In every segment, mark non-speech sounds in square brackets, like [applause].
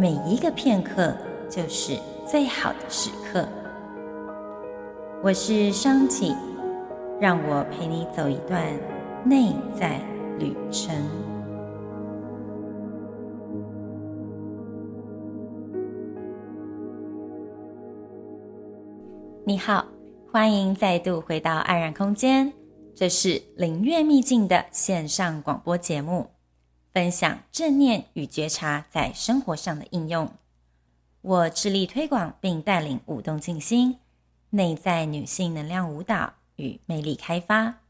每一個片刻就是最好的時刻。我是商啟，讓我陪你走一段內在旅程。你好，歡迎再度回到安然空間，這是靈悅祕境的線上廣播節目。分享正念與覺察在生活上的應用。我致力推廣並帶領舞動靜心、內在女性能量舞蹈與魅力開發，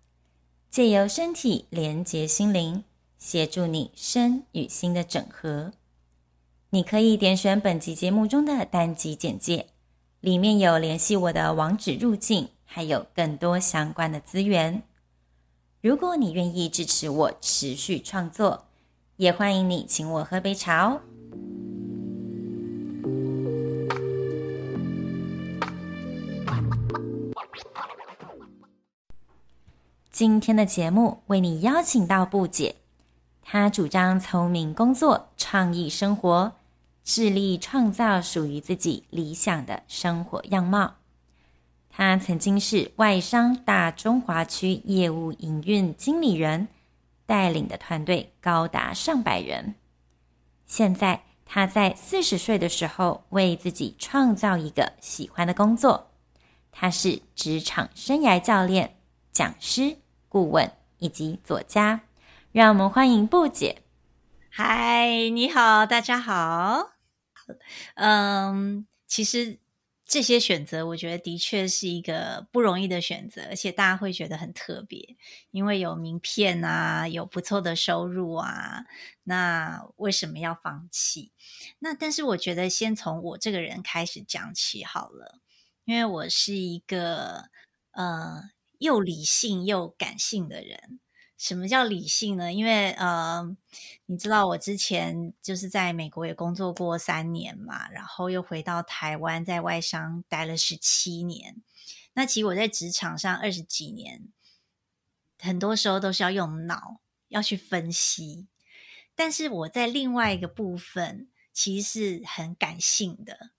借由身體連接心靈，協助你身與心的整合。你可以點選本集節目中的單集簡介，裡面有聯繫我的網址入境，還有更多相關的資源。如果你願意支持我持續創作。也歡迎你，請我喝杯茶哦。今天的節目為你邀請到布姐，她主張聰明工作、創意生活，致力創造屬於自己理想的生活樣貌。她曾經是外商大中華區業務營運經理人。帶領的團隊高達上百人，現在他在四十歲的時候，為自己創造一個喜歡的工作。他是職場生涯教練、講師、顧問以及作家。讓我們歡迎布姐。嗨，你好，大家好。嗯，um，其實。這些選擇，我覺得的確是一個不容易的選擇，而且大家會覺得很特別，因為有名片啊，有不錯的收入啊，那為什麼要放棄？那但是我覺得先從我這個人開始講起好了，因為我是一個呃又理性又感性的人。什麼叫理性呢？因為呃，你知道我之前就是在美國也工作過三年嘛，然後又回到台灣在外商待了十七年。那其實我在職場上二十幾年，很多時候都是要用腦要去分析。但是我在另外一個部分其實是很感性的。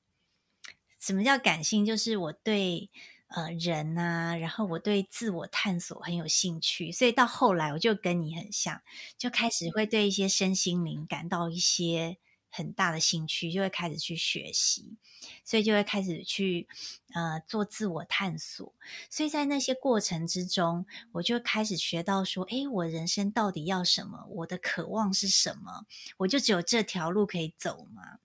什麼叫感性？就是我對。呃，人吶、啊，然後我對自我探索很有興趣，所以到後來我就跟你很像，就開始會對一些身心靈感到一些很大的興趣，就會開始去學習，所以就會開始去呃做自我探索。所以在那些過程之中，我就開始學到說，誒，我人生到底要什麼？我的渴望是什麼？我就只有這條路可以走嗎？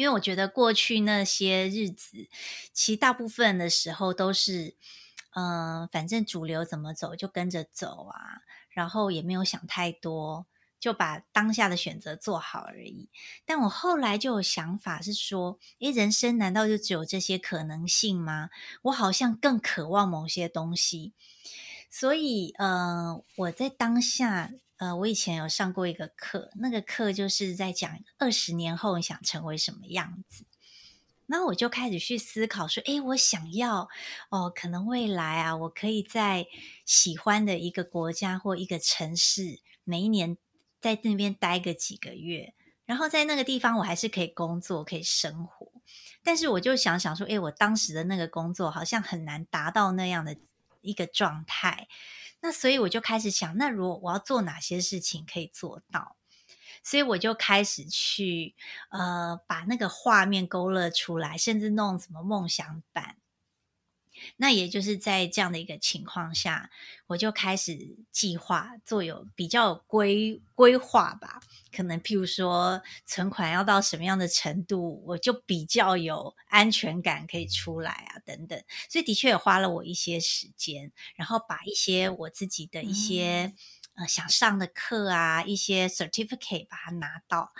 因為我覺得過去那些日子，其實大部分的時候都是，嗯、呃，反正主流怎麼走就跟着走啊，然後也沒有想太多，就把當下的選擇做好而已。但我後來就有想法是說，誒，人生難道就只有這些可能性嗎？我好像更渴望某些東西。所以，呃，我在當下，呃，我以前有上過一個課，那個課就是在講二十年後你想成為什麼樣子。那我就開始去思考說，誒，我想要，哦，可能未來啊，我可以在喜歡的一個國家或一個城市，每一年在那邊待個幾個月，然後在那個地方我還是可以工作，可以生活。但是我就想想說，誒，我當時的那個工作好像很難達到那樣的。一個狀態，那所以我就開始想，那如果我要做哪些事情可以做到？所以我就開始去呃，把那個畫面勾勒出來，甚至弄什麼夢想版。那也就是在這樣的一個情況下，我就開始計劃，做有比較有規規劃吧。可能譬如說存款要到什麼樣的程度，我就比較有安全感可以出來啊等等。所以的確也花了我一些時間，然後把一些我自己的一些、嗯、呃想上的課啊，一些 certificate 把它拿到。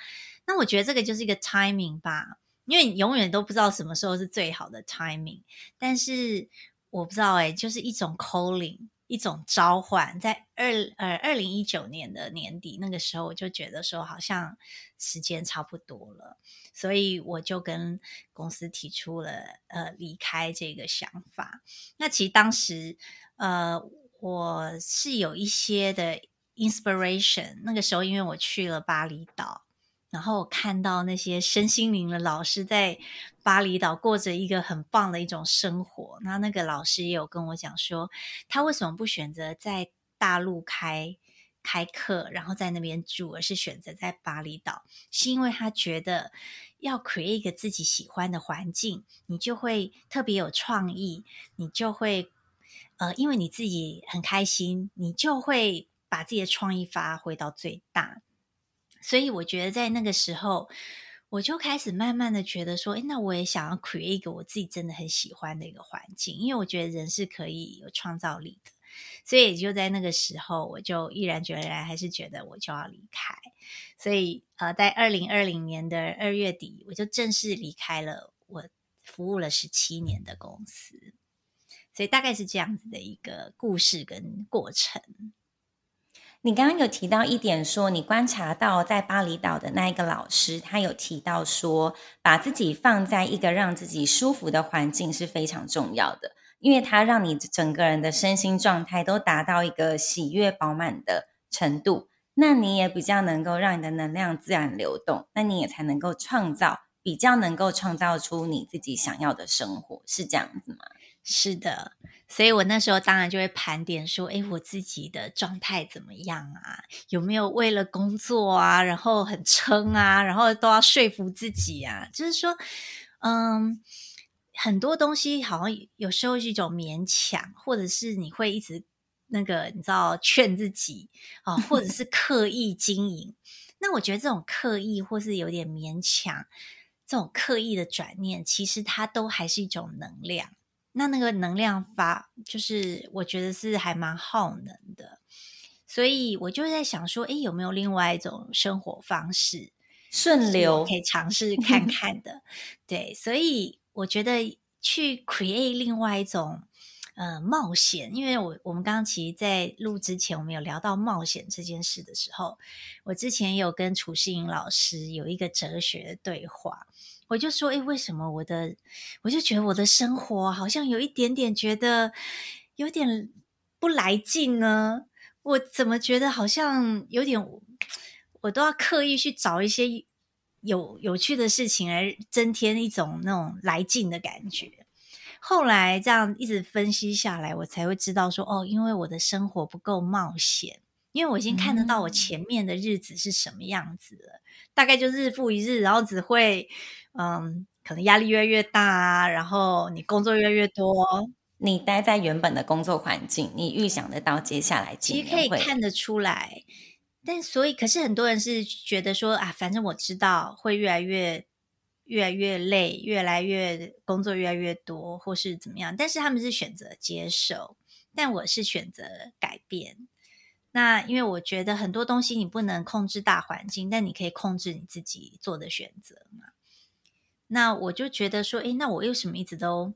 那我覺得這個就是一個 timing 吧。因為你永遠都不知道什麼時候是最好的 timing，但是我不知道誒，就是一種 calling，一種召喚。在二呃二零一九年的年底，那個時候我就覺得說好像時間差不多了，所以我就跟公司提出了呃離開這個想法。那其實當時呃我是有一些的 inspiration，那個時候因為我去了巴厘島。然後我看到那些身心靈的老師在巴厘島過着一個很棒的一種生活。那那個老師也有跟我講說，他為什麼不選擇在大陸開開課，然後在那邊住，而是選擇在巴厘島，是因為他覺得要 create 一個自己喜歡的環境，你就會特別有創意，你就會呃，因為你自己很開心，你就會把自己的創意發揮到最大。所以我覺得在那個時候，我就開始慢慢的覺得說，哎，那我也想要 create 一個我自己真的很喜歡的一個環境，因為我覺得人是可以有創造力的。所以就在那個時候，我就毅然決然還是覺得我就要離開。所以呃，在二零二零年的二月底，我就正式離開了我服務了十七年的公司。所以大概是這樣子的一個故事跟過程。你剛剛有提到一點說，說你觀察到在巴厘島的那一個老師，他有提到說，把自己放在一個讓自己舒服的環境是非常重要的，因為它讓你整個人的身心狀態都達到一個喜悅飽滿的程度，那你也比較能夠讓你的能量自然流動，那你也才能夠創造比較能夠創造出你自己想要的生活，是這樣子嗎？是的。所以，我那時候當然就會盤點說：“哎，我自己的狀態怎麼樣啊？有沒有為了工作啊，然後很撐啊，然後都要說服自己啊？就是說，嗯，很多東西好像有時候是一種勉強，或者是你會一直那個，你知道勸自己啊、哦，或者是刻意經營。 [laughs] 那我覺得這種刻意或是有點勉強，這種刻意的轉念，其實它都還是一種能量。”那那個能量發，就是我覺得是還蠻耗能的，所以我就在想說，哎、欸，有沒有另外一種生活方式順流可以嘗試看看的？ [laughs] 對，所以我覺得去 create 另外一種呃冒險，因為我我們剛剛其實，在錄之前，我們有聊到冒險這件事的時候，我之前有跟褚士瑩老師有一個哲學的對話。我就說，誒，為什麼我的，我就覺得我的生活好像有一點點覺得有點不來勁呢？我怎麼覺得好像有點，我都要刻意去找一些有有趣的事情來增添一種那種來勁的感覺。後來這樣一直分析下來，我才會知道說，哦，因為我的生活不夠冒險，因為我已經看得到我前面的日子是什麼樣子了，嗯、大概就日復一日，然後只會。嗯，可能壓力越來越大，啊，然後你工作越來越多，哦，你待在原本的工作環境，你預想得到接下來其實可以看得出來，但所以，可是很多人是覺得說啊，反正我知道會越來越越來越累，越來越工作越來越多，或是怎麼樣，但是他們是選擇接受，但我是選擇改變。那因為我覺得很多東西你不能控制大環境，但你可以控制你自己做的選擇嘛。那我就覺得說，誒，那我為什麼一直都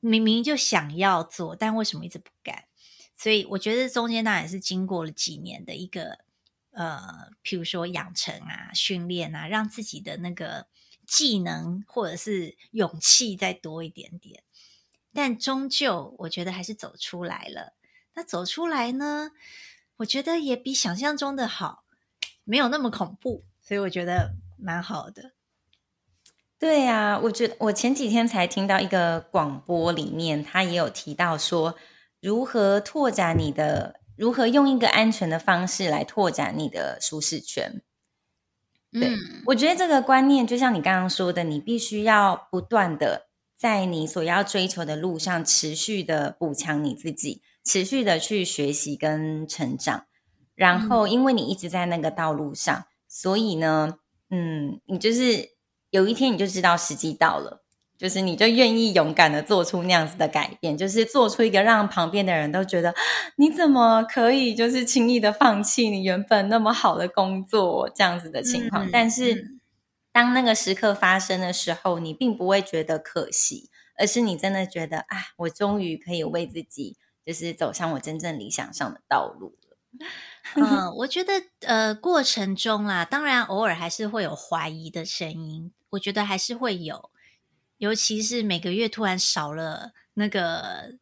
明明就想要做，但為什麼一直不敢？所以我覺得中間當然是經過了幾年的一個呃，譬如說養成啊、訓練啊，讓自己的那個技能或者是勇氣再多一點點。但終究我覺得還是走出來了。那走出來呢，我覺得也比想象中的好，沒有那麼恐怖，所以我覺得蠻好的。對呀、啊，我覺得我前幾天才聽到一個廣播，裡面他也有提到說，如何拓展你的，如何用一個安全的方式來拓展你的舒適圈。對，嗯、我覺得這個觀念就像你剛剛說的，你必須要不斷的在你所要追求的路上持續的補強你自己，持續的去學習跟成長。然後，因為你一直在那個道路上，嗯、所以呢，嗯，你就是。有一天你就知道時機到了，就是你就願意勇敢的做出那樣子的改變，就是做出一個讓旁邊的人都覺得你怎麼可以就是輕易的放棄你原本那麼好的工作這樣子的情況。嗯、但是、嗯、當那個時刻發生的時候，你並不會覺得可惜，而是你真的覺得啊，我終於可以為自己就是走向我真正理想上的道路了。嗯， [laughs] 我覺得呃過程中啦、啊，當然偶爾還是會有懷疑的聲音。我覺得還是會有，尤其是每個月突然少了那個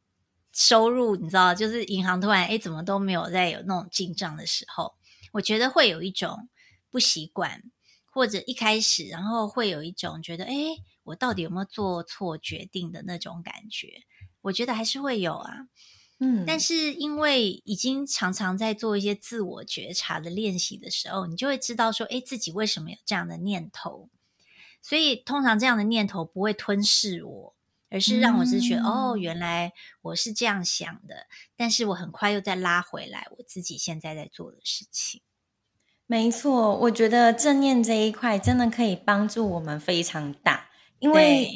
收入，你知道，就是銀行突然哎怎麼都沒有再有那種進賬的時候，我覺得會有一種不習慣，或者一開始，然後會有一種覺得哎我到底有沒有做錯決定的那種感覺。我覺得還是會有啊，嗯，但是因為已經常常在做一些自我覺察的練習的時候，你就會知道說哎自己為什麼有這樣的念頭？所以，通常這樣的念頭不會吞噬我，而是讓我是覺得、嗯、哦，原來我是這樣想的，但是我很快又再拉回來我自己現在在做的事情。沒錯，我覺得正念這一塊真的可以幫助我們非常大。因為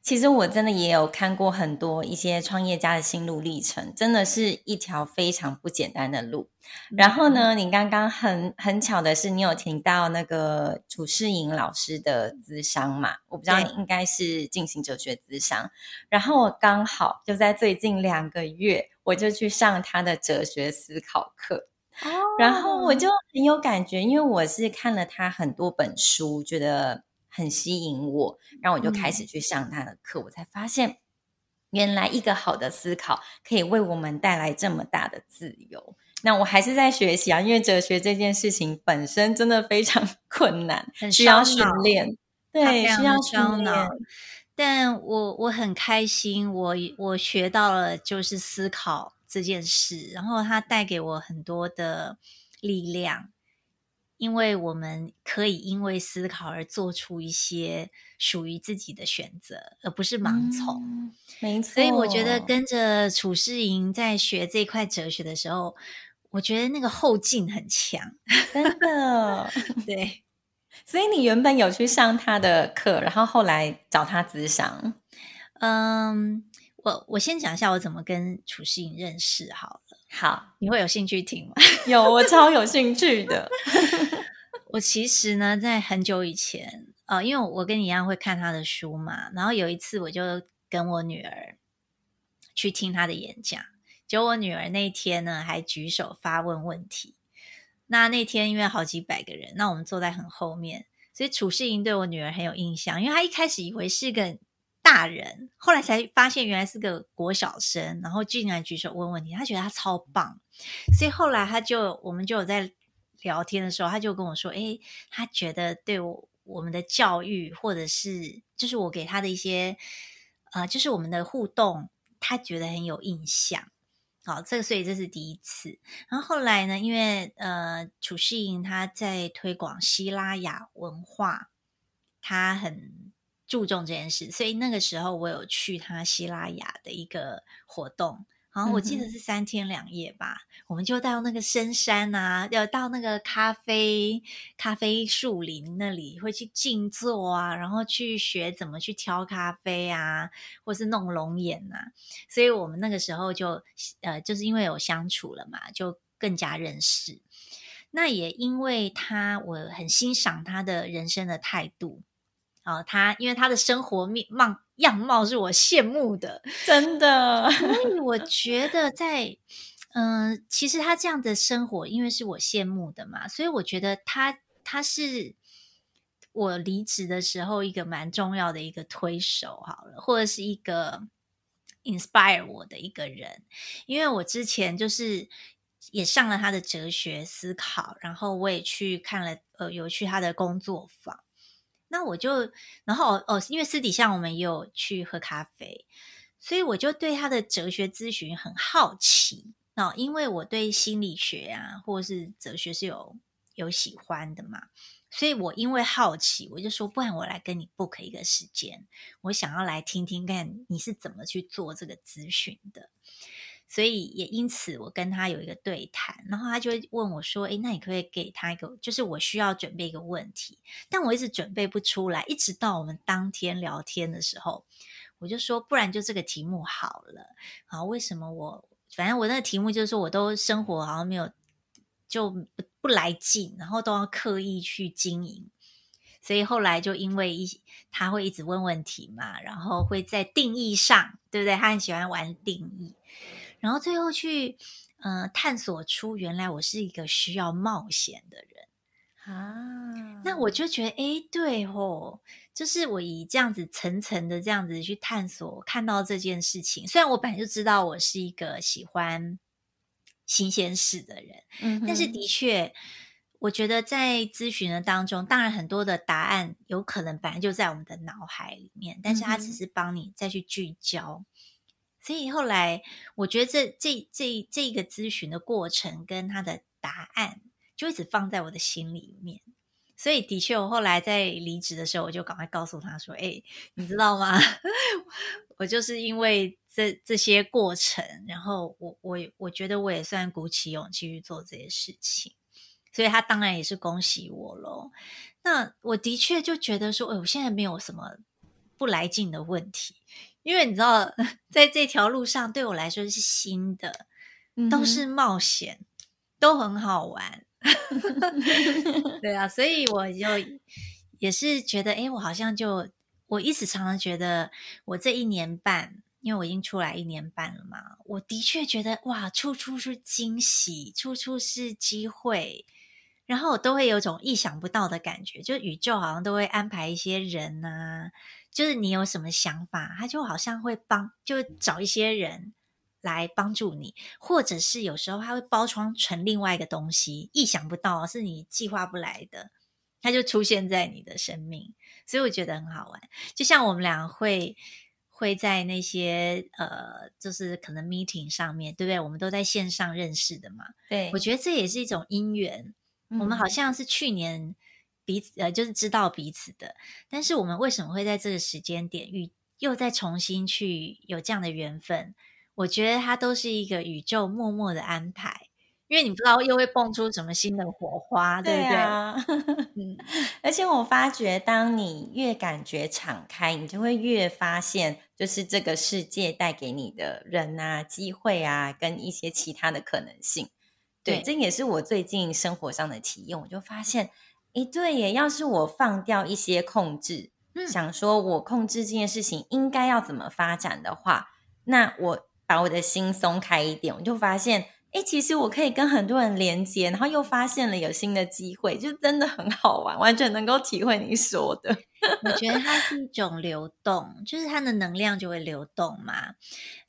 其實我真的也有看過很多一些創業家的心路歷程，真的是一條非常不簡單的路。嗯、然後呢，你剛剛很很巧的是，你有聽到那個褚士瑩老師的諮商嘛？我不知道你應該是進行哲學諮商，對然後我剛好就在最近兩個月，我就去上他的哲學思考課，哦、然後我就很有感覺，因為我是看了他很多本書，覺得很吸引我，然後我就開始去上他的課。嗯，我才發現，原來一個好的思考可以為我們帶來這麼大的自由。那我還是在學習啊，因為哲學這件事情本身真的非常困難，很需要訓練，對，需要訓練。但我我很開心，我我學到了就是思考這件事，然後它帶給我很多的力量。因為我們可以因為思考而做出一些屬於自己的選擇，而不是盲從。嗯，沒錯，所以我覺得跟着楚世瑩在學這塊哲學的時候，我覺得那個後勁很強，真的。 [laughs] 對， [laughs] 所以你原本有去上他的課，然後後來找他諮商。嗯，我我先講一下我怎麼跟楚世瑩認識好了。好，你會有興趣聽嗎？有，我超有興趣的。 [laughs] 我其實呢，在很久以前，呃，因為我跟你一樣會看他的書嘛，然後有一次我就跟我女兒去聽他的演講，結果我女兒那天呢還舉手發問問題。那那天因為好幾百個人，那我們坐在很後面，所以褚士瑩對我女兒很有印象，因為他一開始以為是個大人後來才發現，原來是個國小生，然後竟然舉手問問題，他覺得他超棒，所以後來他就我們就有在聊天的時候，他就跟我說：“哎，他覺得對我我們的教育，或者是就是我給他的一些，呃，就是我們的互動，他覺得很有印象。”好，這個所以這是第一次。然後後來呢，因為呃，褚士瑩他在推廣西拉雅文化，他很。注重這件事，所以那個時候我有去他西拉雅的一個活動，然後我記得是三天兩夜吧，嗯、哼我們就到那個深山啊，要到那個咖啡咖啡樹林那裡，會去靜坐啊，然後去學怎麼去挑咖啡啊，或是弄龍眼啊。所以我們那個時候就呃，就是因為有相處了嘛，就更加認識。那也因為他，我很欣賞他的人生的態度。哦、呃，他因為他的生活面貌樣貌是我羨慕的，真的。 [laughs] 所以我覺得在，嗯、呃，其實他這樣的生活，因為是我羨慕的嘛，所以我覺得他他是我離職的時候一個蠻重要的一個推手，好了，或者是一個 inspire 我的一個人，因為我之前就是也上了他的哲學思考，然後我也去看了，呃，有去他的工作坊。那我就，然後哦，因為私底下我們也有去喝咖啡，所以我就對他的哲學諮詢很好奇。那、哦、因為我對心理學啊，或者是哲學是有有喜歡的嘛，所以我因為好奇，我就說，不然我來跟你 book 一個時間，我想要來聽聽看你是怎麼去做這個諮詢的。所以也因此，我跟他有一個對談，然後他就問我說：“哎，那你可以給他一個，就是我需要準備一個問題，但我一直準備不出來。一直到我們當天聊天的時候，我就說，不然就這個題目好了。好，為什麼我？反正我那個題目就是說，我都生活好像沒有就不不來勁，然後都要刻意去經營。所以後來就因為一他會一直問問題嘛，然後會在定義上，對不對？他很喜歡玩定義。”然後最後去，呃，探索出原來我是一個需要冒險的人啊。那我就覺得，誒，對哦，就是我以這樣子層層的這樣子去探索，看到這件事情。雖然我本來就知道我是一個喜歡新鮮事的人，嗯、哼但是的確，我覺得在諮詢的當中，當然很多的答案有可能本來就在我們的腦海裡面，但是它只是幫你再去聚焦。嗯所以後來，我覺得這這這這一個諮詢的過程跟他的答案，就一直放在我的心裡面。所以的確，我後來在離職的時候，我就趕快告訴他說：“哎，你知道嗎？ [laughs] 我就是因為這這些過程，然後我我我覺得我也算鼓起勇氣去做這些事情。所以他當然也是恭喜我咯。那我的確就覺得說，哎，我現在沒有什麼不來勁的問題。”因為你知道，在這條路上對我來說是新的，都是冒險，都很好玩。 [laughs] 對啊，所以我就也是覺得，哎、欸，我好像就我一直常常覺得，我這一年半，因為我已經出來一年半了嘛，我的確覺得，哇，處處是驚喜，處處是機會。然後我都會有種意想不到的感覺，就是宇宙好像都會安排一些人吶，就是你有什麼想法，他就好像會幫，就找一些人來幫助你，或者是有時候他會包裝成另外一個東西，意想不到是你計劃不來的，他就出現在你的生命，所以我覺得很好玩。就像我們倆會會在那些呃，就是可能 meeting 上面，對不對？我們都在線上認識的嘛，對，我覺得這也是一種因緣。 [noise] 我們好像是去年彼此呃，就是知道彼此的，但是我們為什麼會在這個時間點遇，又再重新去有這樣的緣分？我覺得它都是一個宇宙默默的安排，因為你不知道又會蹦出什麼新的火花，對啊，對不對？ [laughs] 而且我發覺，當你越感覺敞開，你就會越發現，就是這個世界帶給你的人啊、機會啊，跟一些其他的可能性。對，這也是我最近生活上的體驗。我就發現，哎，對耶，要是我放掉一些控制，嗯、想說我控制這件事情應該要怎麼發展的話，那我把我的心鬆開一點，我就發現。哎、欸，其實我可以跟很多人連接，然後又發現了有新的機會，就真的很好玩，完全能夠體會你說的。我 [laughs] 覺得它是一種流動，就是它的能量就會流動嘛。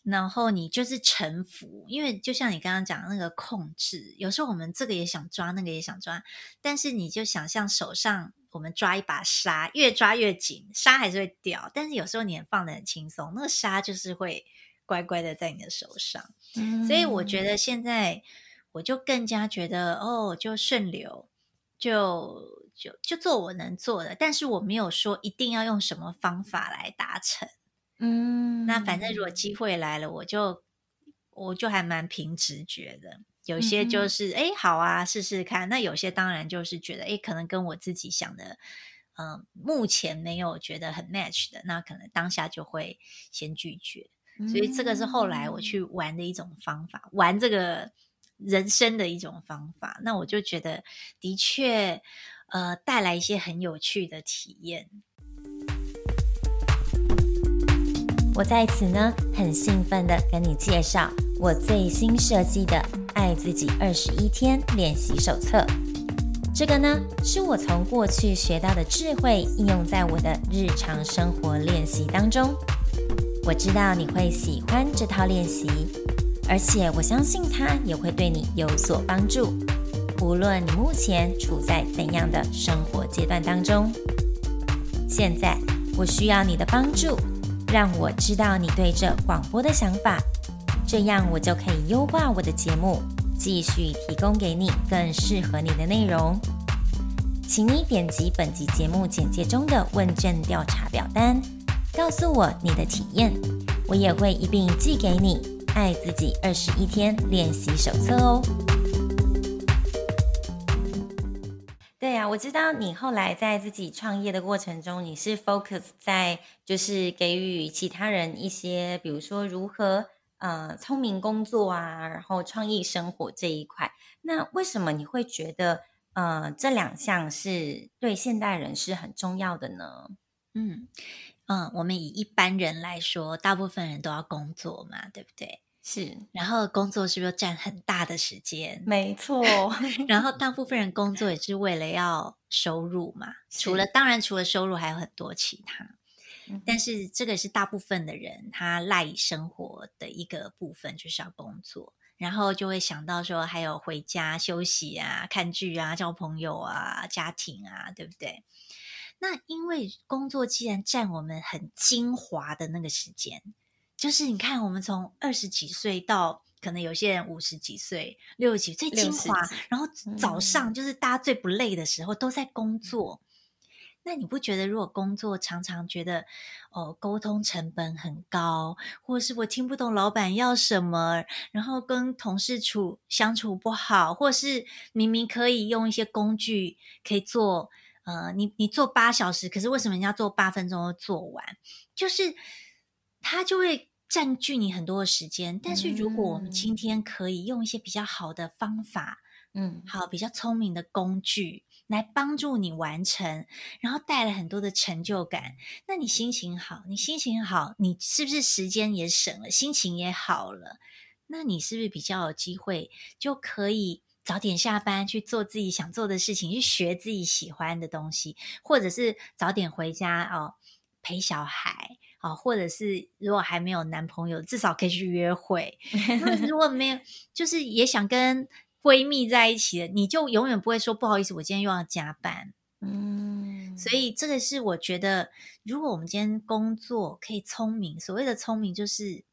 然後你就是臣服，因為就像你剛剛講的那個控制，有時候我們這個也想抓，那個也想抓，但是你就想象手上我們抓一把沙，越抓越緊，沙還是會掉。但是有時候你放得很輕鬆，那個沙就是會。乖乖的在你的手上，嗯、所以我覺得現在我就更加覺得哦，就順流，就就就做我能做的，但是我沒有說一定要用什麼方法來達成。嗯，那反正如果機會來了，我就我就還蠻憑直覺的，有些就是哎、嗯嗯，好啊，試試看。那有些當然就是覺得哎，可能跟我自己想的，嗯、呃，目前沒有覺得很 match 的，那可能當下就會先拒絕。所以這個是後來我去玩的一種方法，嗯、玩這個人生的一種方法。那我就覺得的確，呃，帶來一些很有趣的體驗。我在此呢，很興奮的跟你介紹我最新設計的《愛自己二十一天練習手冊》。這個呢，是我從過去學到的智慧，應用在我的日常生活練習當中。我知道你會喜歡這套練習，而且我相信它也會對你有所幫助，無論你目前處在怎樣的生活階段當中。現在我需要你的幫助，讓我知道你對這廣播的想法，這樣我就可以優化我的節目，繼續提供給你更適合你的內容。請你點擊本集節目簡介中的問卷調查表單。告訴我你的體驗，我也會一併寄給你《愛自己二十一天練習手冊》哦。對啊，我知道你後來在自己創業的過程中，你是 focus 在就是給予其他人一些，比如說如何呃聰明工作啊，然後創意生活這一塊。那為什麼你會覺得呃這兩項是對現代人是很重要的呢？嗯。嗯，我們以一般人來說，大部分人都要工作嘛，對不對？是，然後工作是不是佔很大的時間？沒錯。 [laughs] 然後大部分人工作也是為了要收入嘛，是除了當然除了收入還有很多其他，嗯、哼但是這個是大部分的人他賴以生活的一個部分，就是要工作。然後就會想到說，還有回家休息啊、看劇啊、交朋友啊、家庭啊，對不對？那因為工作既然占我們很精華的那個時間，就是你看，我們從二十幾歲到可能有些人五十幾歲、六十幾歲精華，然後早上就是大家最不累的時候都在工作。嗯、那你不覺得，如果工作常常覺得，哦，溝通成本很高，或是我聽不懂老闆要什麼，然後跟同事處相處不好，或是明明可以用一些工具可以做？呃，你你做八小時，可是為什麼人家做八分鐘都做完？就是他就會占據你很多的時間。嗯、但是如果我們今天可以用一些比較好的方法，嗯，好，比較聰明的工具來幫助你完成，然後帶來很多的成就感，那你心情好，你心情好，你是不是時間也省了，心情也好了？那你是不是比較有機會就可以？早點下班去做自己想做的事情，去學自己喜歡的東西，或者是早點回家哦陪小孩哦，或者是如果還沒有男朋友，至少可以去約會。 [laughs] 如果沒有，就是也想跟閨蜜在一起的，你就永遠不會說不好意思，我今天又要加班。嗯，所以這個是我覺得，如果我們今天工作可以聰明，所謂的聰明就是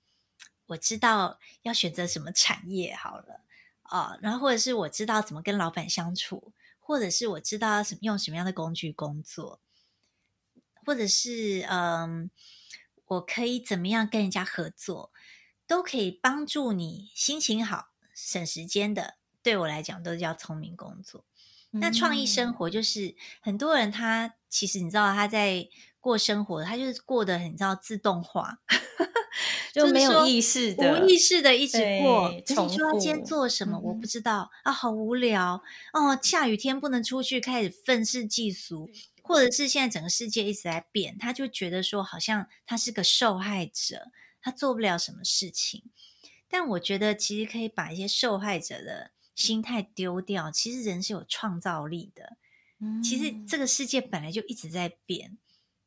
我知道要選擇什麼產業好了。哦，然後或者是我知道怎麼跟老板相處，或者是我知道什用什麼樣的工具工作，或者是嗯，我可以怎麼樣跟人家合作，都可以幫助你心情好、省時間的。對我來講，都叫聰明工作。嗯、那創意生活就是很多人他其實你知道他在。過生活，他就是過得很你知道自動化， [laughs] 就，說就沒有意識的、無意識的一直過。自己說他今天做什麼，我不知道、嗯、啊，好無聊哦。下雨天不能出去，開始憤世嫉俗，對或者是現在整個世界一直在變，是他就覺得說，好像他是個受害者，他做不了什麼事情。但我覺得，其實可以把一些受害者的心態丟掉。其實人是有創造力的，嗯、其實這個世界本來就一直在變。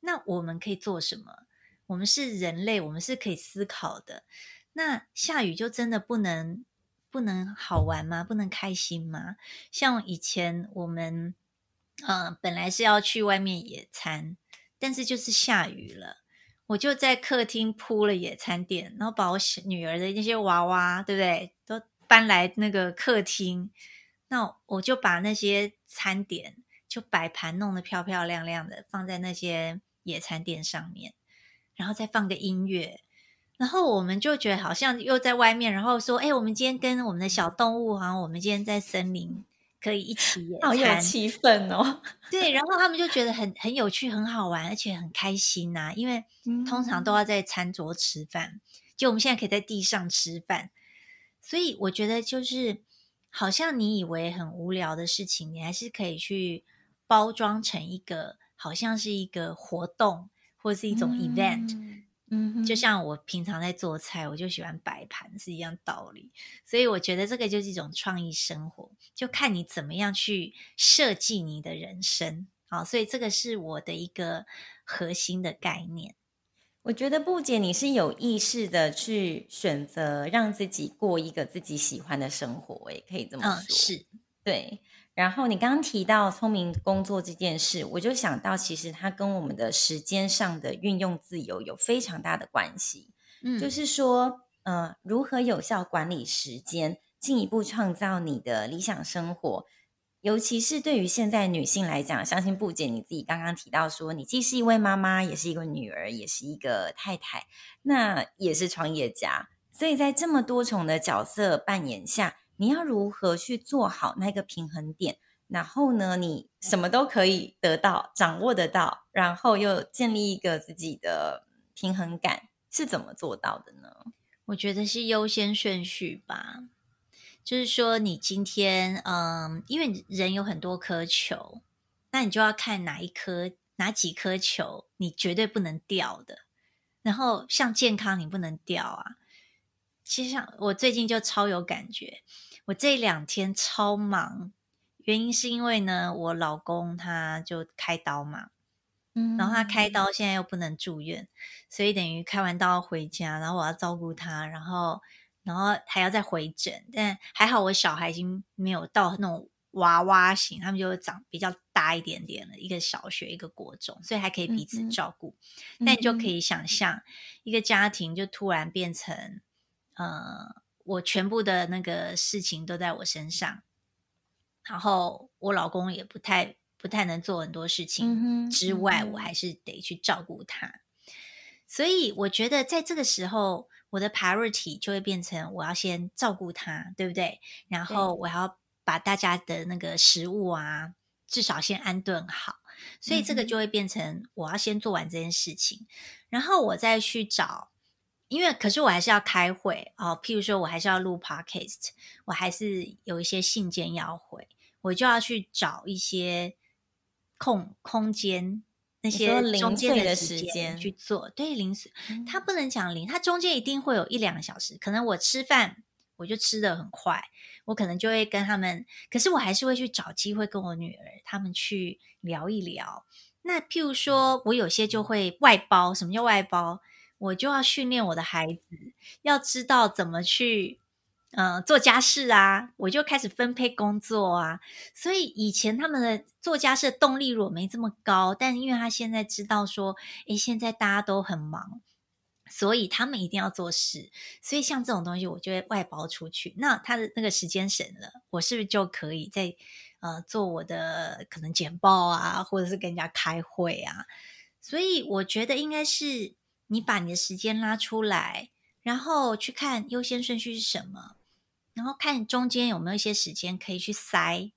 那我們可以做什麼？我們是人類，我們是可以思考的。那下雨就真的不能不能好玩嗎？不能開心嗎？像以前我們，嗯、呃，本來是要去外面野餐，但是就是下雨了，我就在客廳鋪了野餐墊，然後把我女兒的那些娃娃，對不對，都搬來那個客廳。那我就把那些餐點就擺盤，弄得漂漂亮亮的，放在那些。野餐墊上面，然後再放個音樂，然後我們就覺得好像又在外面。然後說：“哎、欸，我們今天跟我們的小動物啊，我們今天在森林可以一起野餐，好有氣氛哦。”對，然後他們就覺得很很有趣、很好玩，而且很開心吶、啊。因為通常都要在餐桌吃飯，嗯、就我們現在可以在地上吃飯，所以我覺得就是好像你以為很無聊的事情，你還是可以去包裝成一個。好像是一個活動，或是一種 event，嗯、mm，hmm. 就像我平常在做菜，我就喜歡擺盤是一樣道理。所以我覺得這個就是一種創意生活，就看你怎麼樣去設計你的人生。好，所以這個是我的一個核心的概念。我覺得布姐你是有意識的去選擇讓自己過一個自己喜歡的生活，我也可以這麼說，嗯，是對。然後你剛剛提到，聰明工作這件事，我就想到其實它跟我們的時間上的運用自由有非常大的關係。嗯，就是說，呃，如何有效管理時間，進一步創造你的理想生活，尤其是對於現在女性來講，相信布姐你自己剛剛提到說，你既是一位媽媽，也是一個女兒，也是一個太太，那也是創業家，所以在這麼多重的角色扮演下。你要如何去做好那個平衡點？然後呢，你什麼都可以得到、掌握得到，然後又建立一個自己的平衡感，是怎麼做到的呢？我覺得是優先順序吧，就是說你今天，嗯，因為人有很多顆球，那你就要看哪一顆、哪幾顆球你絕對不能掉的。然後像健康，你不能掉啊。其實像我最近就超有感覺，我這兩天超忙，原因是因為呢，我老公他就開刀嘛，嗯，然後他開刀現在又不能住院，所以等於開完刀回家，然後我要照顧他，然後然後還要再回診，但還好我小孩已經沒有到那種娃娃型，他們就長比較大一點點了，一個小學一個國中，所以還可以彼此照顧，但你就可以想象一個家庭就突然變成。呃，我全部的那個事情都在我身上，然後我老公也不太不太能做很多事情，之外，嗯嗯、我還是得去照顧他，所以我覺得在這個時候，我的 priority 就會變成我要先照顧他，對不對？然後我要把大家的那個食物啊，至少先安頓好，所以這個就會變成我要先做完這件事情，然後我再去找。因為可是我還是要開會哦，譬如說我還是要錄 Podcast，我還是有一些信件要回，我就要去找一些空空間，那些零碎的時間去做。對，零碎，它、嗯、不能講零，它中間一定會有一兩個小時。可能我吃飯，我就吃得很快，我可能就會跟他們，可是我還是會去找機會跟我女兒他們去聊一聊。那譬如說我有些就會外包，什麼叫外包？我就要訓練我的孩子，要知道怎麼去，嗯、呃，做家事啊。我就開始分配工作啊。所以以前他們的做家事的動力如果沒這麼高，但因為他現在知道說，誒、欸，現在大家都很忙，所以他們一定要做事。所以像這種東西，我就會外包出去。那他的那個時間省了，我是不是就可以在呃做我的可能簡報啊，或者是跟人家開會啊？所以我覺得應該是。你把你的時間拉出來，然後去看優先順序是什麼，然後看中間有沒有一些時間可以去塞。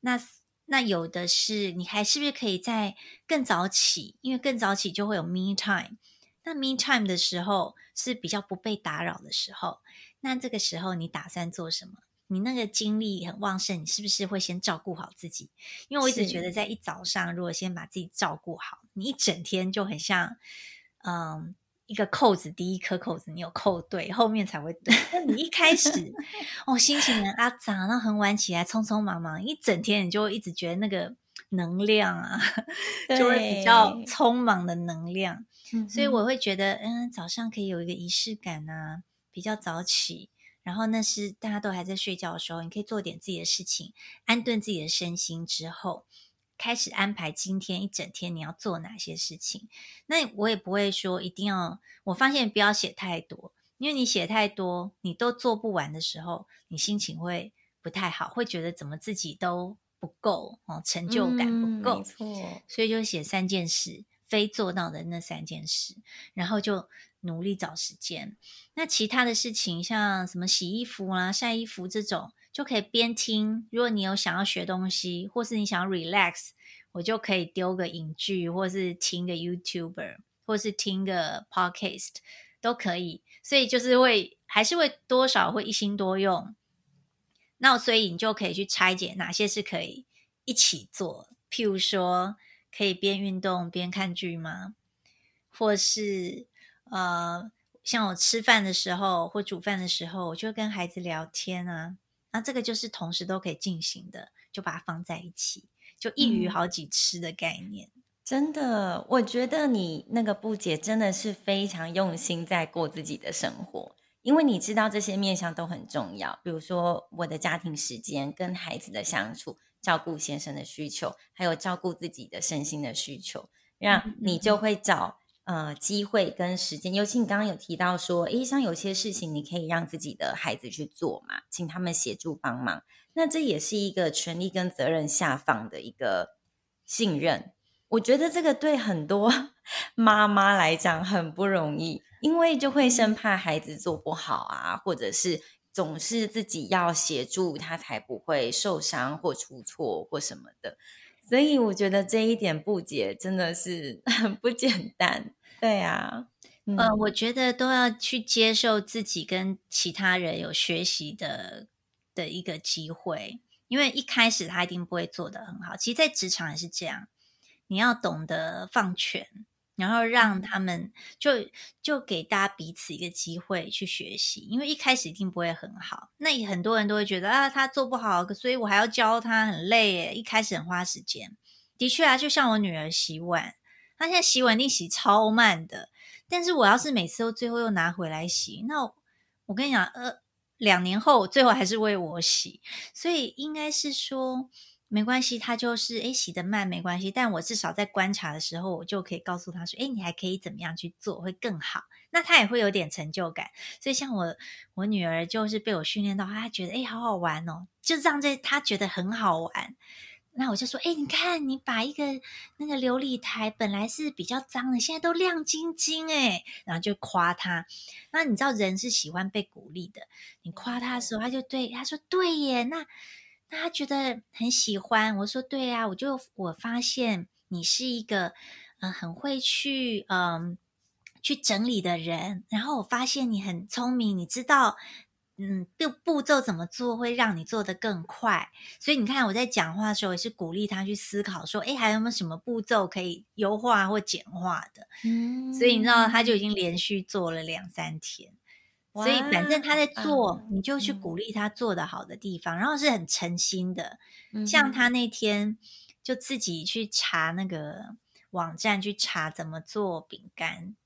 那那有的是你還是不是可以在更早起？因為更早起就會有 me time。那 me time 的時候是比較不被打擾的時候。那這個時候你打算做什麼？你那個精力很旺盛，你是不是會先照顧好自己？因為我一直覺得，在一早上如果先把自己照顧好，是你一整天就很像。嗯，一個扣子，第一顆扣子你有扣對，後面才會對。 [laughs] 你一開始 [laughs] 哦，心情啊咋？然後很晚起來，匆匆忙忙，一整天你就會一直覺得那個能量啊，對就會比較匆忙的能量。嗯、哼所以我會覺得，嗯，早上可以有一個儀式感啊，比較早起，然後那是大家都還在睡覺的時候，你可以做點自己的事情，安頓自己的身心之後。開始安排今天一整天你要做哪些事情。那我也不會說一定要。我發現不要寫太多，因為你寫太多，你都做不完的時候，你心情會不太好，會覺得怎麼自己都不夠哦，成就感不夠。嗯、沒錯，所以就寫三件事，非做到的那三件事，然後就努力找時間。那其他的事情，像什麼洗衣服啊、曬衣服這種。就可以邊聽。如果你有想要學東西，或是你想 relax，我就可以丟個影劇，或是聽個 YouTuber，或是聽個 podcast 都可以。所以就是會還是會多少會一心多用。那所以你就可以去拆解哪些是可以一起做。譬如說，可以邊運動邊看劇嗎？或是呃，像我吃飯的時候或煮飯的時候，我就跟孩子聊天啊。那這個就是同時都可以進行的，就把它放在一起，就一魚好幾吃的概念。嗯，真的，我覺得你那個布姐真的是非常用心在過自己的生活，因為你知道這些面向都很重要。比如說我的家庭時間、跟孩子的相處、照顧先生的需求，還有照顧自己的身心的需求，讓你就會找呃，機會跟時間，尤其你剛剛有提到說，哎，像有些事情你可以讓自己的孩子去做嘛，請他們協助幫忙。那這也是一個權力跟責任下放的一個信任。我覺得這個對很多媽媽來講很不容易，因為就會生怕孩子做不好啊，或者是總是自己要協助他才不會受傷或出錯或什麼的。所以我覺得這一點不解真的是很不簡單。對呀、啊，嗯、呃，我覺得都要去接受自己跟其他人有學習的的一個機會，因為一開始他一定不會做得很好。其實，在職場也是這樣，你要懂得放權，然後讓他們就就給大家彼此一個機會去學習，因為一開始一定不會很好。那很多人都會覺得啊，他做不好，所以我還要教他，很累耶，一開始很花時間。的確啊，就像我女兒洗碗。他現在洗碗，你洗超慢的。但是我要是每次都最後又拿回來洗，那我，我跟你講，呃，兩年後最後還是為我洗。所以應該是說沒關係，他就是誒洗得慢沒關係。但我至少在觀察的時候，我就可以告訴他說，誒你還可以怎麼樣去做會更好？那他也會有點成就感。所以像我，我女兒就是被我訓練到，他覺得誒好好玩哦，就這樣在，他覺得很好玩。那我就說，哎，你看，你把一個那個流理台本來是比較髒的，現在都亮晶晶哎，然後就誇他。那你知道人是喜歡被鼓勵的，你誇他的時候，他就對他說：“對耶。”那那他覺得很喜歡。我說：“對呀，我就我發現你是一個嗯很會去嗯去整理的人，然後我發現你很聰明，你知道。”嗯，就步驟怎麼做會讓你做得更快？所以你看我在講話的時候也是鼓勵他去思考，說，哎，還有沒有什麼步驟可以優化或簡化的？嗯、所以你知道他就已經連續做了兩三天，哇所以反正他在做，嗯、你就去鼓勵他做的好的地方，嗯、然後是很誠心的，像他那天就自己去查那個網站去查怎麼做餅乾。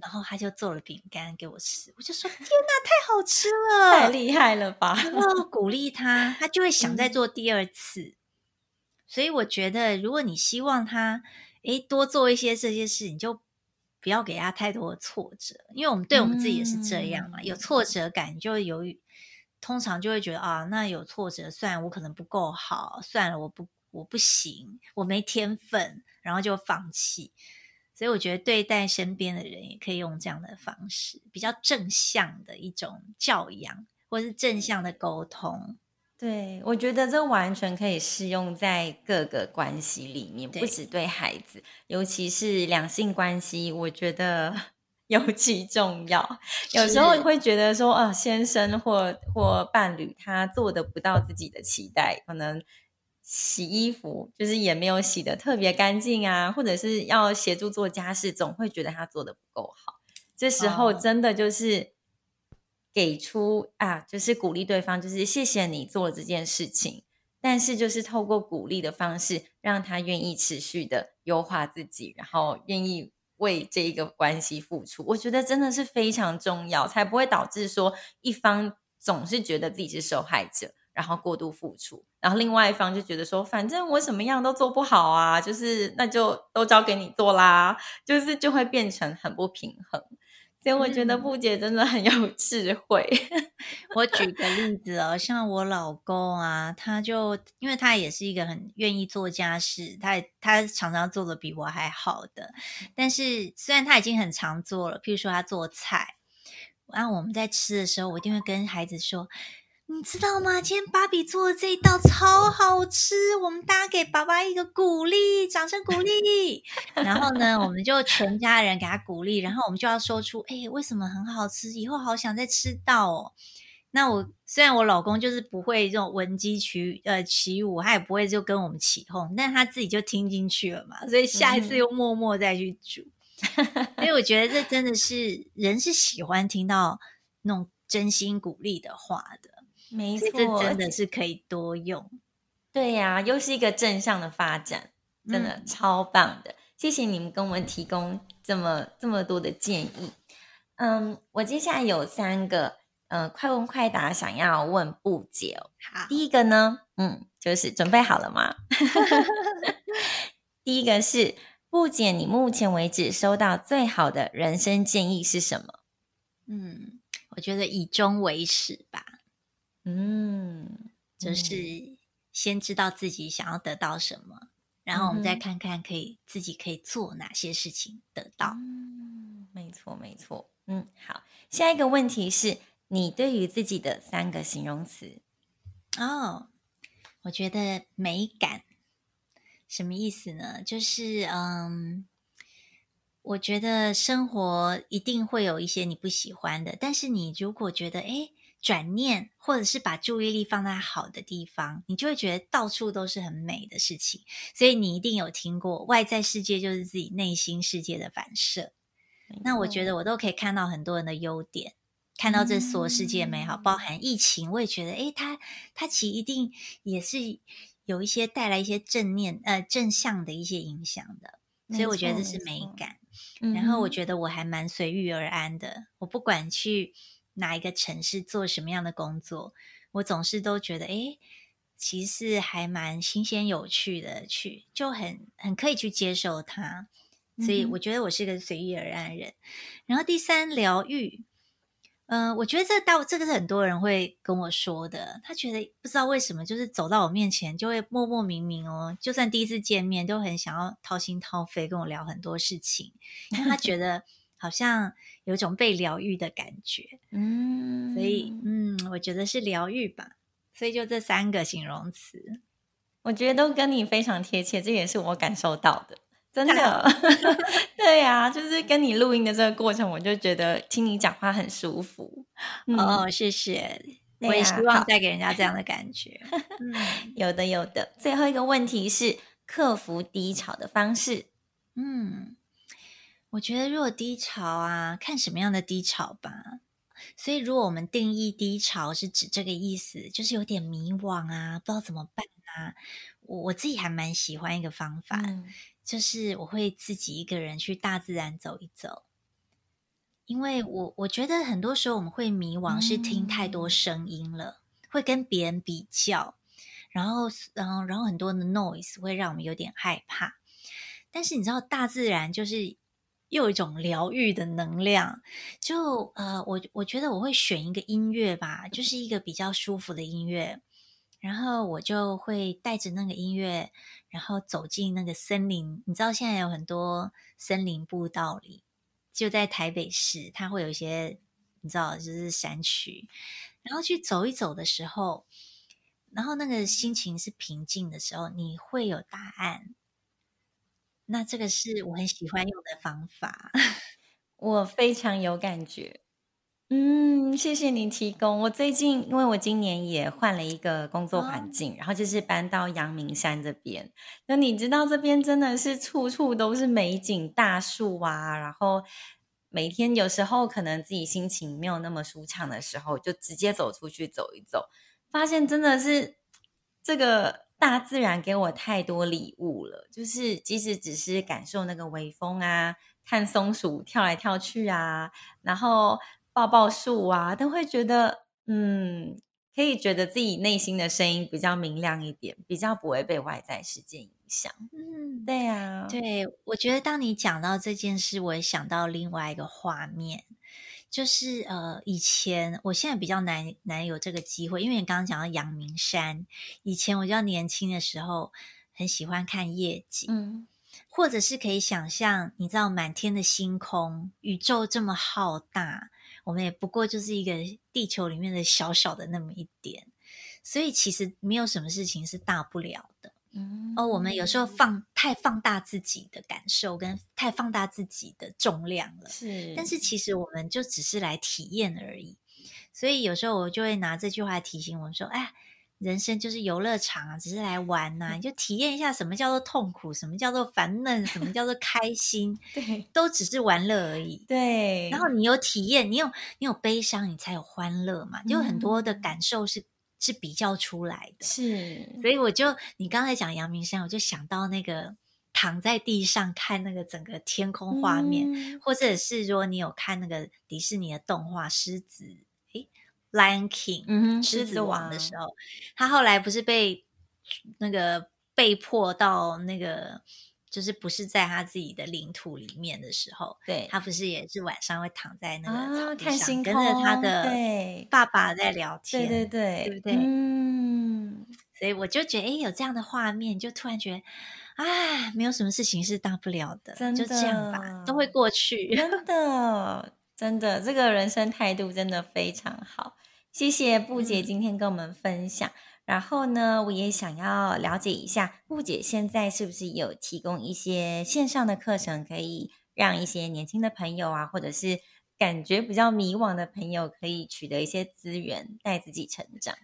然後他就做了餅乾給我吃，我就說：“天哪，太好吃了！”太厲害了吧？然後鼓勵他，他就會想再做第二次。嗯、所以我覺得，如果你希望他誒多做一些這些事，你就不要給他太多的挫折，因為我們對我們自己也是這樣嘛。嗯、有挫折感就，就會猶豫，通常就會覺得啊，那有挫折，算我可能不夠好，算了，我不我不行，我沒天分，然後就放棄。所以我覺得對待身邊的人也可以用這樣的方式，比較正向的一種教養，或是正向的溝通。對，我覺得這完全可以適用在各個關係裡面，對不止對孩子，尤其是兩性關係，我覺得尤其重要。是有時候會覺得說，啊、哦，先生或或伴侶他做得不到自己的期待，可能。洗衣服就是也沒有洗的特別乾淨啊，或者是要協助做家事，總會覺得他做的不夠好。這時候真的就是給出、oh. 啊，就是鼓勵對方，就是謝謝你做了這件事情，但是就是透過鼓勵的方式，讓他願意持續的優化自己，然後願意為這一個關係付出。我覺得真的是非常重要，才不會導致說一方總是覺得自己是受害者。然後過度付出，然後另外一方就覺得說，反正我什麼樣都做不好啊，就是那就都交給你做啦，就是就會變成很不平衡。所以我覺得布姐真的很有智慧。嗯、我舉個例子哦， [laughs] 像我老公啊，他就因為他也是一個很願意做家事，他他常常做的比我還好的，但是雖然他已經很常做了，譬如說他做菜，那、啊、我們在吃的時候，我一定會跟孩子說。你知道嗎？今天爸比做的這一道超好吃，我們大家給爸爸一個鼓勵，掌聲鼓勵。 [laughs] 然後呢，我們就全家人給他鼓勵，然後我們就要說出：“哎、欸，為什麼很好吃？以後好想再吃到。”哦。那我雖然我老公就是不會這種聞雞起呃起舞，他也不會就跟我們起哄，但他自己就聽進去了嘛，所以下一次又默默再去煮。嗯、 [laughs] 所以我覺得這真的是人是喜歡聽到那種真心鼓勵的話的。沒錯，是是真的是可以多用。對呀、啊，又是一個正向的發展，真的超棒的。嗯、謝謝你們給我們提供這麼這麼多的建議。嗯，我接下來有三個，嗯、呃，快問快答，想要問布姐、哦、好，第一個呢，嗯，就是準備好了嗎？ [laughs] [laughs] 第一個是布姐，你目前為止收到最好的人生建議是什麼？嗯，我覺得以終為始吧。就是先知道自己想要得到什麼，嗯、然後我們再看看可以、嗯、自己可以做哪些事情得到。嗯，沒錯，沒錯。嗯，好，下一個問題是，你對於自己的三個形容詞。哦，我覺得美感，什麼意思呢？就是嗯，我覺得生活一定會有一些你不喜歡的，但是你如果覺得哎。誒轉念，或者是把注意力放在好的地方，你就會覺得到處都是很美的事情。所以你一定有聽過，外在世界就是自己內心世界的反射。錯那我覺得我都可以看到很多人的優點，看到這所世界美好。嗯、包含疫情，我也覺得，誒、欸，它它其實一定也是有一些帶來一些正念呃正向的一些影響的。所以我覺得這是美感。錯然後我覺得我還蠻隨遇而安的，嗯、我不管去。哪一個城市做什麼樣的工作，我總是都覺得，哎，其實還蠻新鮮有趣的，去就很很可以去接受它。所以我覺得我是一個隨遇而安的人。嗯、哼然後第三，療癒，嗯、呃，我覺得這到這個是很多人會跟我說的，他覺得不知道為什麼，就是走到我面前就會默默明明哦，就算第一次見面都很想要掏心掏肺跟我聊很多事情，因為他覺得。 [laughs] 好像有種被療癒的感覺，嗯，所以嗯，我覺得是療癒吧。所以就這三個形容詞，我覺得都跟你非常貼切，這也是我感受到的，真的。Hello. [laughs] [laughs] 對呀、啊，就是跟你錄音的這個過程，我就覺得聽你講話很舒服。哦、嗯，謝謝、oh,，啊、我也希望帶給人家這樣的感覺。好 [laughs] 有的，有的。最後一個問題是克服低潮的方式。嗯。我覺得，如果低潮啊，看什麼樣的低潮吧。所以，如果我們定義低潮是指這個意思，就是有點迷惘啊，不知道怎麼辦啊。我我自己還蠻喜歡一個方法，嗯、就是我會自己一個人去大自然走一走。因為我我覺得很多時候我們會迷惘，是聽太多聲音了，嗯、會跟別人比較，然後，然後，然後很多的 noise 會讓我們有點害怕。但是你知道，大自然就是。又有一種療癒的能量就，就呃，我我覺得我會選一個音樂吧，就是一個比較舒服的音樂，然後我就會帶着那個音樂，然後走進那個森林。你知道現在有很多森林步道裡，就在台北市，它會有一些你知道就是山區，然後去走一走的時候，然後那個心情是平靜的時候，你會有答案。那這個是我很喜歡用的方法，我非常有感覺。嗯，謝謝你提供。我最近因為我今年也換了一個工作環境，然後就是搬到陽明山這邊。那你知道這邊真的是處處都是美景、大樹啊。然後每天有時候可能自己心情沒有那麼舒暢的時候，就直接走出去走一走，發現真的是這個。大自然給我太多禮物了，就是即使只是感受那個微風啊，看松鼠跳來跳去啊，然後抱抱樹啊，都會覺得嗯，可以覺得自己內心的聲音比較明亮一點，比較不會被外在世界影響。嗯，對啊，對，我覺得當你講到這件事，我也想到另外一個畫面。就是呃，以前我現在比較難難有這個機會，因為你剛剛講到陽明山，以前我比較年輕的時候很喜歡看夜景，嗯，或者是可以想象你知道滿天的星空，宇宙這麼浩大，我們也不過就是一個地球裡面的小小的那麼一點，所以其實沒有什麼事情是大不了的。哦，我們有時候放太放大自己的感受，跟太放大自己的重量了。是，但是其實我們就只是來體驗而已。所以有時候我就會拿這句話來提醒我們說：“哎，人生就是遊樂場啊，只是來玩吶、啊，你就體驗一下什麼叫做痛苦，什麼叫做煩悶，什麼叫做開心，對，都只是玩樂而已。”對。然後你有體驗，你有你有悲傷，你才有歡樂嘛，就很多的感受是。是比較出來的，是，所以我就你剛才講陽明山，我就想到那個躺在地上看那個整個天空畫面，嗯、或者是如果你有看那個迪士尼的動畫《獅子》，誒、欸，《Lion King、嗯哼》獅，獅子王的時候，他後來不是被那個被迫到那個。就是不是在他自己的領土裡面的時候，對他不是也是晚上會躺在那個草地上，跟着他的爸爸在聊天，啊、對，對對對，對不對？嗯，所以我就覺得，哎，有這樣的畫面，就突然覺得，啊，沒有什麼事情是大不了的，真的就這樣吧，都會過去。 [laughs] 真的，真的，這個人生態度真的非常好。謝謝布姐今天跟我們分享，然後呢，我也想要了解一下布姐現在是不是有提供一些線上的課程，可以讓一些年輕的朋友啊，或者是感覺比較迷惘的朋友，可以取得一些資源，帶自己成長。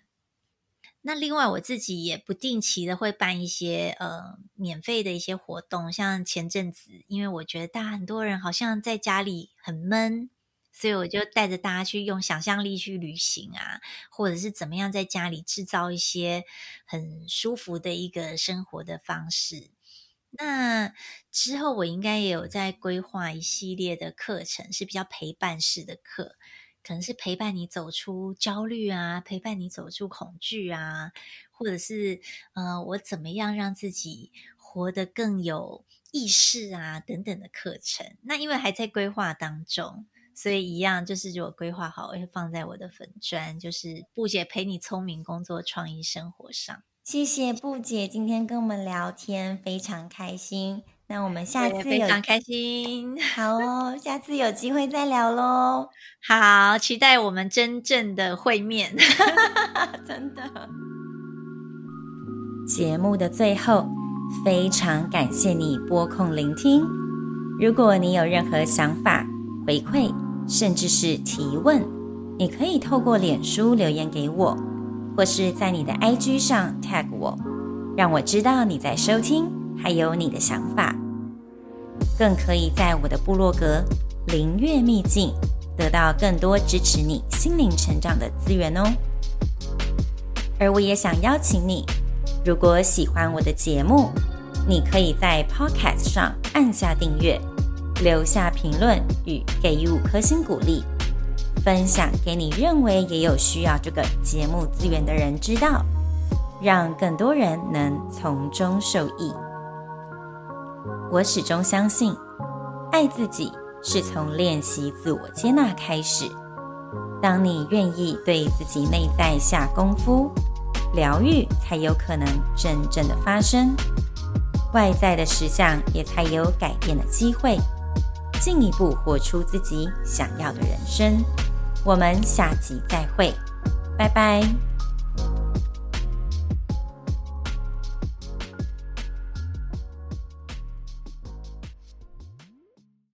那另外我自己也不定期的會辦一些呃免費的一些活動，像前陣子，因為我覺得大家很多人好像在家裡很悶。所以我就帶着大家去用想象力去旅行啊，或者是怎麼樣在家裡製造一些很舒服的一個生活的方式。那之後我應該也有在規劃一系列的課程，是比較陪伴式的課，可能是陪伴你走出焦慮啊，陪伴你走出恐懼啊，或者是呃，我怎麼樣讓自己活得更有意識啊等等的課程。那因為還在規劃當中。所以一樣，就是我規劃好，我會放在我的粉專，就是布姐陪你聰明工作、創意生活上。謝謝布姐今天跟我們聊天，非常開心。那我們下次有非常開心，好哦，下次有機會再聊嘍。 [laughs] 好，期待我們真正的會面， [laughs] 真的。節目的最後，非常感謝你撥空聆聽。如果你有任何想法回饋。甚至是提問，你可以透過臉書留言給我，或是在你的 IG 上 tag 我，讓我知道你在收聽，還有你的想法。更可以在我的部落格靈月秘境得到更多支持你心靈成長的資源哦。而我也想邀請你，如果喜歡我的節目，你可以在 Podcast 上按下訂閱，留下評論與給予五顆星鼓勵，分享給你認為也有需要這個節目資源的人知道，讓更多人能從中受益。我始終相信，愛自己是從練習自我接納開始。當你願意對自己內在下功夫，療癒才有可能真正的發生，外在的實相也才有改變的機會。進一步活出自己想要的人生，我們下集再會，拜拜。